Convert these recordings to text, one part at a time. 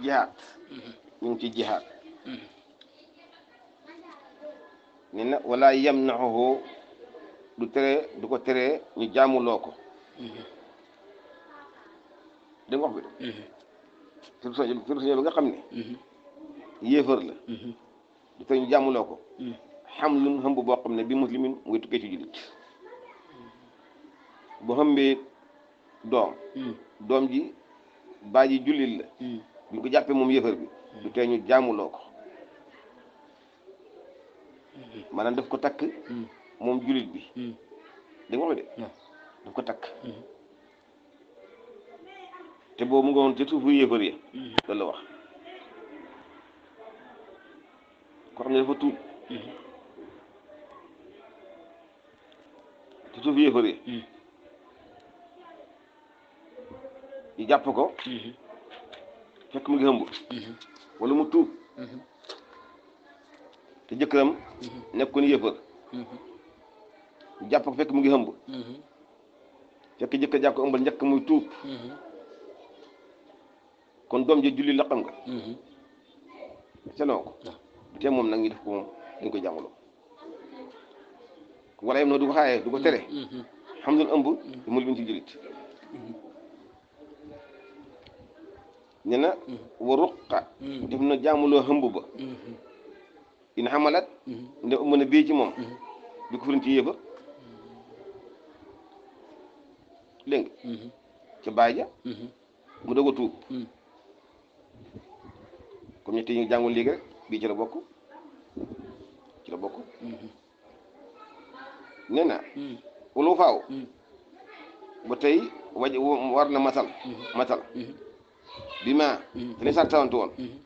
jihaat mm-hmm. ñu ngi ci jihaat mm-hmm. ne na wala yamnahu du tere du ko tere ñu jaamuloo ko mm-hmm. da nga wax bi sur sursoño bi nga xam ne yéefar la du tere ñu jaamuloo ko xam lun xëmb boo xam ne bi muslimin mu ngi tukkee ci jullit bu xëmbee doom doom ji baa ji jullit la buñ ko jàppee moom yëfër bi du tee ñu jaamuloo ko maanaam def ko takk moom julit bi da nga wax de daf ko takk mm-hmm. te boobu mu nga woon te suufu yëfër ya mm-hmm. loolu wax ko xam ne dafa tuub te mm-hmm. suufu yëfër ya yi jàpp ko fekk mu ngi ëmb mhm. wala mu tuub mhm. te jëkkëram mhm. nekkoon yëfër jàpp ko fekk mu ngi ëmb fekk jëkkër jàpp ko ëmbal njëkk muy tuub kon doom ji julli la xam nga selon ko te moom nag ñu def ko moom dañ koy jàngaloo wala yem na du ko xaayee du ko tere xam ëmb te mu lu jullit ne na wa ruqa def na jaamuloo xëmb ba in xamalat nde mën a bii moom bi ko furin ci yëfa dégg nga ca baay mu doog tuub comme ñetti yi nga jàngul rek bii ci la bokk ci la bokk nee na wala tey waj war na bima te mm-hmm. sartawante woon mm-hmm.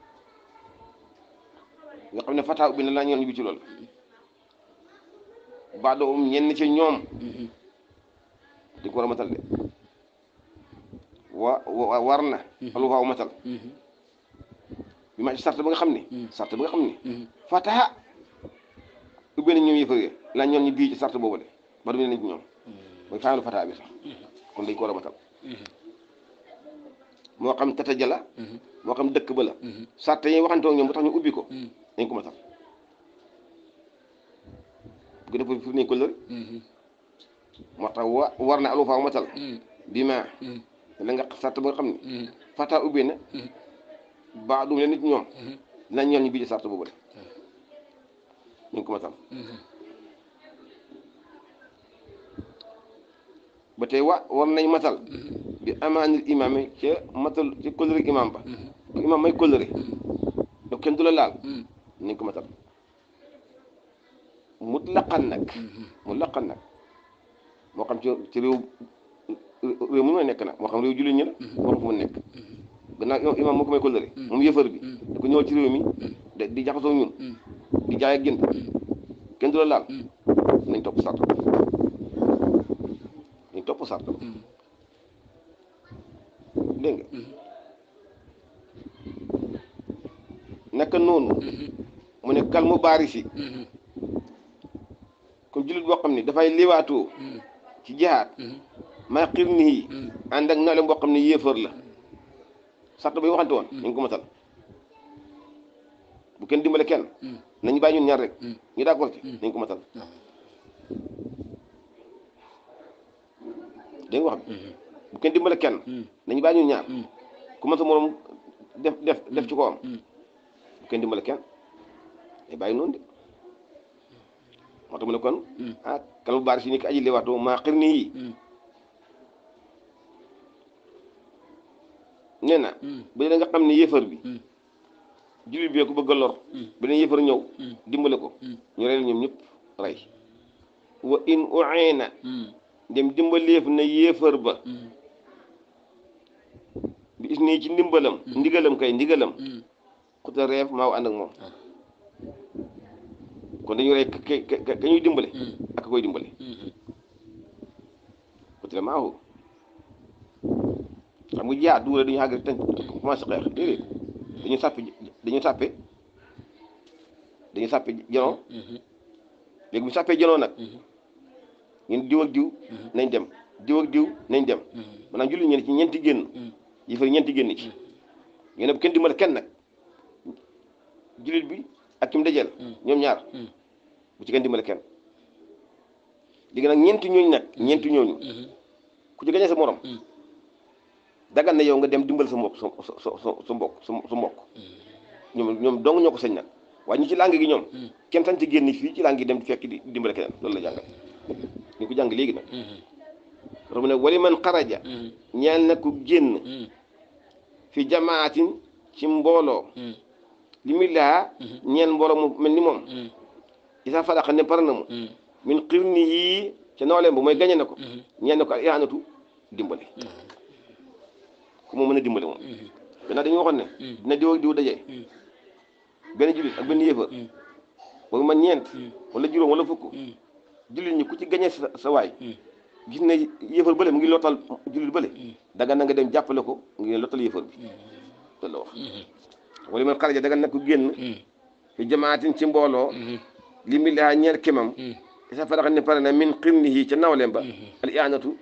nga xam ne fata ubbi na laa ñoon ñu ci lool baado um ñenn ci ñoom mm-hmm. di ko war a matal de wa war na alu waaw matal bi ma ci sart ba nga xam ne sart ba nga xam ne fataha ubbi na ñoom la laa ñi ñu bii ci sart boobu de ba du nañ ci ñoom mooy faalu fataha bi sax kon dañ ko war a matal moo xam tata ja mhm. moo xam dëkk ba la mhm. sàrte yi waxante ak ñoom ba tax ñu ubbi ko dañ mhm. ko matal bu ko defee fii ko lër moo tax wa war na alu faa matal bi ma la nga sàrte ba nga xam ne fata ubbi na baa dum leen nit ñoom dinañ ñoom ñu bii di sàrte boobu la dañ ko matal ba te wa war nañ matal mm-hmm. bi amaanil imaam yi ca matal ci kóllëre imaam ba mm-hmm. ku imaam may kóllëre donc mm-hmm. kenn du la laal nañ ko matal mutlaqan nag mutlaqan nag moo xam ci ci réew réew mu may nekk nag moo xam réew jullit ñi la moo xam fu mu nekk gannaaw imaam moo ko may kóllëre moom yëfër bi da ko ci réew mi di jaxasoo ñun di jaay ak jënd kenn du laal nañ topp saatu topp sart mm. mm-hmm. naka noonu mm-hmm. mu ne kal mu baari si comme mm-hmm. jullit boo xam ne dafay liwaatoo mm. ci jihaat maa xir nii mm. ànd ak nawle boo xam ne yéefar la sart ba yi waxante woon dañ ko matal bu kenn dimbale kenn nañ bàyyi ñun ñaar rek ñu d'accord ci dañ ko matal ah. dégg nga wax bi mhm. bu kenn dimbale kenn mhm. nañu bàyyi ñun ñaar mhm. ku mën sa morom def def def ci kawam bu kenn dimbale kenn dañ bàyyi noonu de mu ne kon ah kal baar si ni ko aji li waxtu maa xir yi nee na bu dee nga xam ne yéefar bi jullit bi ko bëgg a lor beneen yéefar ñëw dimbale ko ñu rey ñoom ñëpp rey wa in ueena dem dimbaleef na yéefar ba mm. bi is nii ci ndimbalam mm. ndigalam kay ndigalam mm. xuta reef maaw ànd ak moom ah. kon dañu rey ka ñuy dimbale ak koy dimbale mm-hmm. xuta maaw xam nga jaa dugal dañu àgg tënk commencé xeex déedéet dañu sàppe dañu sàppe dañu sàppe janoo mm-hmm. léegi bu sàppee janoo nag mm-hmm. ñu diwal mhm. ak diw nañ dem diwal ak diw nañ dem maanaam jullit ñeen ci ñeenti génn mhm. yi fa ñeenti génn ci mhm. ñu ne bu kenn dimbal kenn nag jullit bi ak kim dajeel ñoom ñaar bu ci kenn dimbal kenn léegi nag ñeenti ñooñu nag ñeenti ñooñu ku ci gañe sa morom na yow nga dem dimbal sa mbokk sa sa sa mbokk sa mbokk ñoom ñoom dong ñoo ko sañ nag waaye ñi ci làng gi ñoom kenn sañ ci génn fii ci làng gi dem fekk di dimbale keneen loolu la jàngal ñu ko jàng léegi nag mhm. ramu ne wali man xaraja mhm. ñeel na ku génn mhm. fi jamaatin ci mbooloo li muy laa ñeel mbooloo mu mel ni moom isa fadaqa ne par na mu min xirni yii ca nooleem bu mooy gañe na ko ñeel na ko al ihanatu dimbale ku mu mën a dimbale moom gannaaw dañu waxoon ne dina diw ak diw daje benn julit ak benn yéefar boobu man ñeent wala juróom wala fukk jullit ñi ku ci gañee sa sa waay hmm. gis ne yëfar bële mu ngi lootal jullit bële hmm. dagan na dem jàppale ko ngi lootal yëfar bi hmm. loolu la wax wala man xaraja dagan na ko génn fi jamaatin ci mbooloo li mi laa ñeel kemam isa faraxa ne pare na min xirnihi ca nawleem ba al ianatu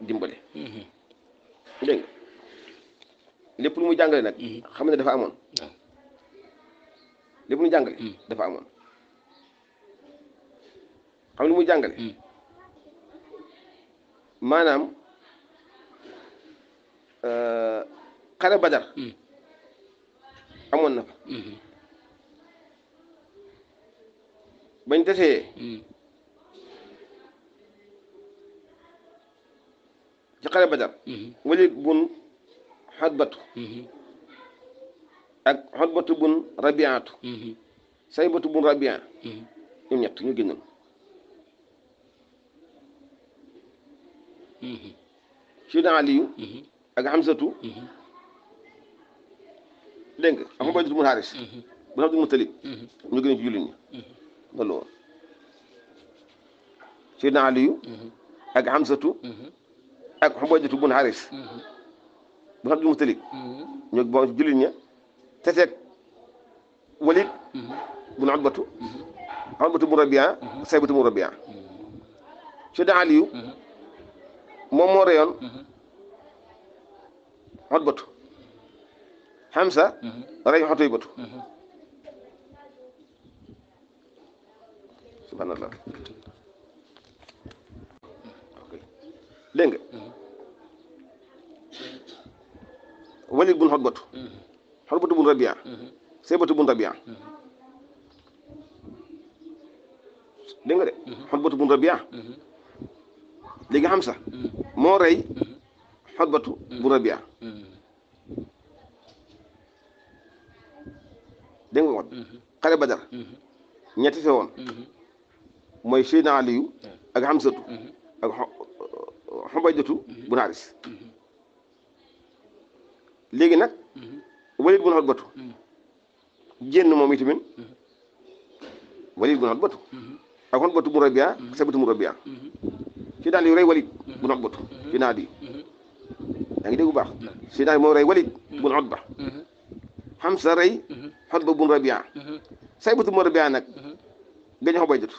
dimbale lépp lu mu jàngale nag xam ne dafa amoon lépp lu mu jàngale dafa amoon xam lu muy jàngale hmm. maanaam euh, xare badar hmm. amoon na fa hmm. bañ desee ci xare badar walid bun xotbatu ak xotbatu bun rabiatu saybatu bun rabia ñoom ñett ñu génnoon Sidna Aliyu mm-hmm. mm-hmm. ak Hamsatu mm-hmm. dégg nga ak Ubaydu bun Haaris bu Abdul Mutalib ñu gën ci jullit ñi loolu woon Sidna Aliyu ak Hamsatu ak Ubaydu bun Haaris bu Abdul Mutalib ñu bokk ci jullit ñi te teg Walid bun Utbatu Utbatu mu Rabiya Saybatu mu Rabiya Sidna Aliyu moom moo reyoon xot mm-hmm. batu Hamza mm-hmm. rey xotoy batu mm-hmm. subhanallah dégg nga walid bun xot batu xot batu bun rabia say batu bun rabia dégg nga xot batu bun rabia léegi Hamza moo rey xotbatu bu Rabia dégg nga woon xare Badar ñetti fe woon mooy Seydina Aliyu ak Hamsatu ak Xubaydatu bu Naaris léegi nag Walid bu na xotbatu génn moom itamit Walid bu na xotbatu ak xotbatu bu Rabia ak sabatu mu Rabia Seydaan yu rey Walid mhm. bun Utba ci mhm. naa di mhm. yaa ngi dégg bu baax Seydaan moo rey Walid bun Utba Hamza rey Utba bun Rabia Saybatu bun Rabia nag gañ xobay dut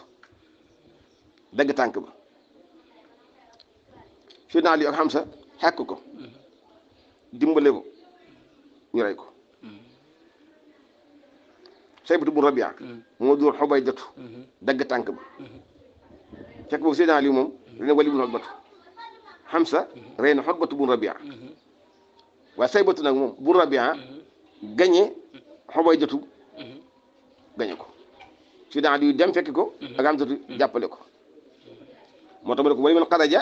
dagg tànk ba Seydaan Ali ak Hamza xekk ko dimbale ko ñu rey ko Saybatu bun Rabia moo dóor xobay dut dagg tànk ba fekk boobu Seydaan Ali ne wali bun xotbatu Hamza rey na xotbatu bun rabia waaye saybatu nag moom bun rabia gañe xobay jotu gañe ko su daan di dem fekki ko ak Hamzatu jàppale ko moo tax ma ne ko wali man xaraja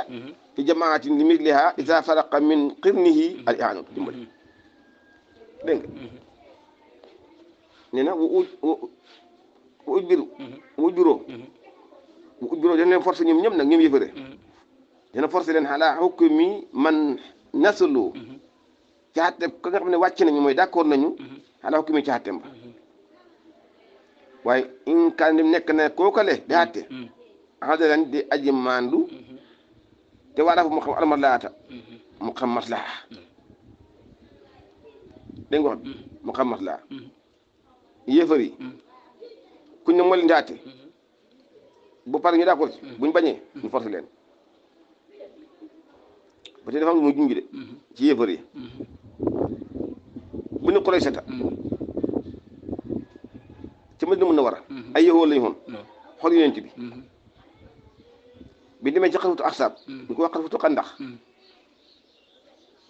fi jamaatin li misliha isa min qirnihi al ihanatu dimbali dégg nga nee na wu uj wu uj biru wu bu ubbiloo dañ leen forcé ñoom ñëpp nag ñoom yëfëre mm-hmm. dina forcé leen xalaa xukmi man nasalu mm-hmm. ci àtteem ka nga xam ne wàcc nañu mooy d'accord nañu xalaa mm-hmm. xukmi ci àtteem waaye in kaan dim nekk na kookale di àtte adalan aji maandu te waa dafa mu xam almalaata mu xam maslaha dégg nga wax mu xam maslaha kuñ ne moo leen di bu pare ñu d'accord mm-hmm. buñ bañee ñu forcé mm-hmm. leen ba tey dafa am lu muy de mm-hmm. ci yéefar yi bu ne Quraysh ta ci Madina mën na war a ay yowool lañu xoon xool yonent bi bi demee ci xarfatu axsaab ñu ko wax xarfatu xandax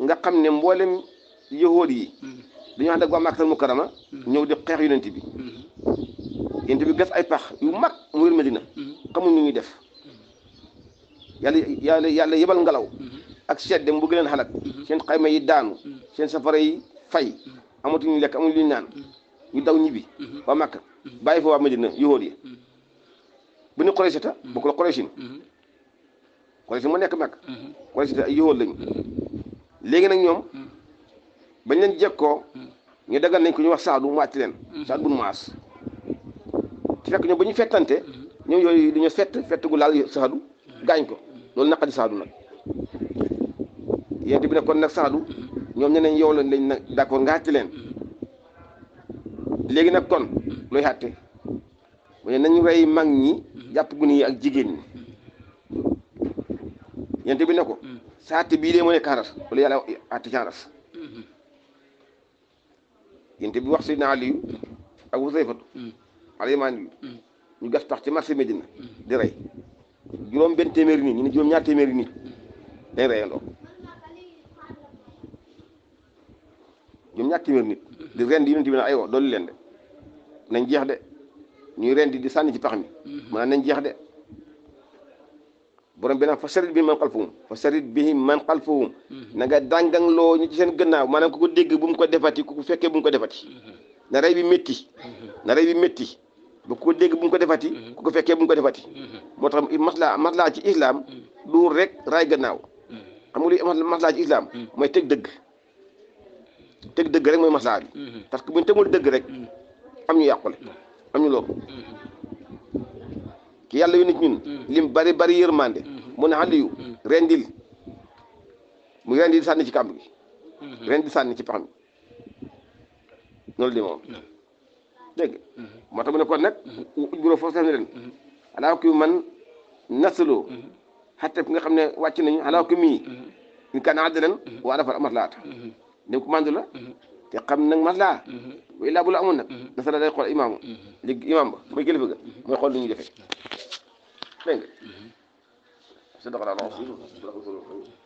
nga xam ne mboolem yahood yi dañoo ànd ak waa mu Mukarrama ñëw di xeex yonent bi yonent bi gas ay pax yu mag mu wér Madina xamuñ nu ñuy def yàlla yàlla yàlla yebal ngelaw ak sedd mu bëgg leen xalak seen xayma yi daanu seen safara yi fay amatuñu lekk amuñu lu naan ñu daw ñibbi waa Màkka bàyyi fa waa Medina yowóot yi bu ñu Quraysh ta bokk la Quraysh Quraysh mu nekk Màkka Quraysh ta ay yowóot lañu léegi nag ñoom bañ leen jekkoo ñu dagal nañ ko ñu wax Saadu mu àcc leen Saadu bu nu maas te fekk ñoom ba ñu fettante ñëw yooyu dañoo fett fett gu laal saadu gaañ ko loolu na naqadi saadu nag yéen bi ne kon nag saadu ñoom ñeneen yow lañ lañ nag d'accord nga àtte leen léegi nag kon looy àtte mu ne nañ rey mag ñi jàpp gune yi ak jigéen ñi yéen bi ne ko sa bii dee moo nekk aras wala yàlla àtte ci aras yéen bi wax Seydina Aliyu ak Huzayfatu alayhimaa ñu gas pax ci marché Médina di rey juróom benn téeméeri nit ñu ne juróom ñaar téeméeri nit dañ reyandoo juróom ñaar téeméeri nit di ren di yonent bi ne aywa dolli leen de nañ jeex de ñuy ren di di sànni ci pax mi maanaam nañ jeex de borom bi naan fa sarit bi man xalfahum fa sarit bi man xalfahum na nga dànganloo ñu ci seen gannaaw maanaam ku ko dégg bu mu ko defati ku fekkee bu mu ko defati mm-hmm. na rey bi métti mm-hmm. na rey bi métti bokk ku ko bu ko defati. Mm-hmm. ku ko fekkee bu ko defati. Mm-hmm. moo tax maslaa maslaa ci islaam mm-hmm. du rek raay gannaaw. xam nga li maslaa ci islam. mooy teg dëgg. teg dëgg rek mooy maslaa bi. parce que buñ tegul dëgg rek. am ñu yàqule am ñu lor. ki yàlla yu nit ñun. lim bari bari yërmande. mu ne xaliyu rendil mu rendil sànni ci kàmb gi. rendil sànni ci pax mi loolu di dégg nga. moo tax mu ne kon nag. ujbuloo foofu sax ne leen. alaa kii man nasaloo. xatte ku nga xam ne wàcc nañu alaa kii mii. ñu kan adlan wa arafa maslaata. ñoom commande la. te xam nag maslaa. waaye laa bu la amoon nag. nasala day xool imaamu. léegi imaam ba mooy kilifa ga. mooy xool lu ñuy defee dégg nga.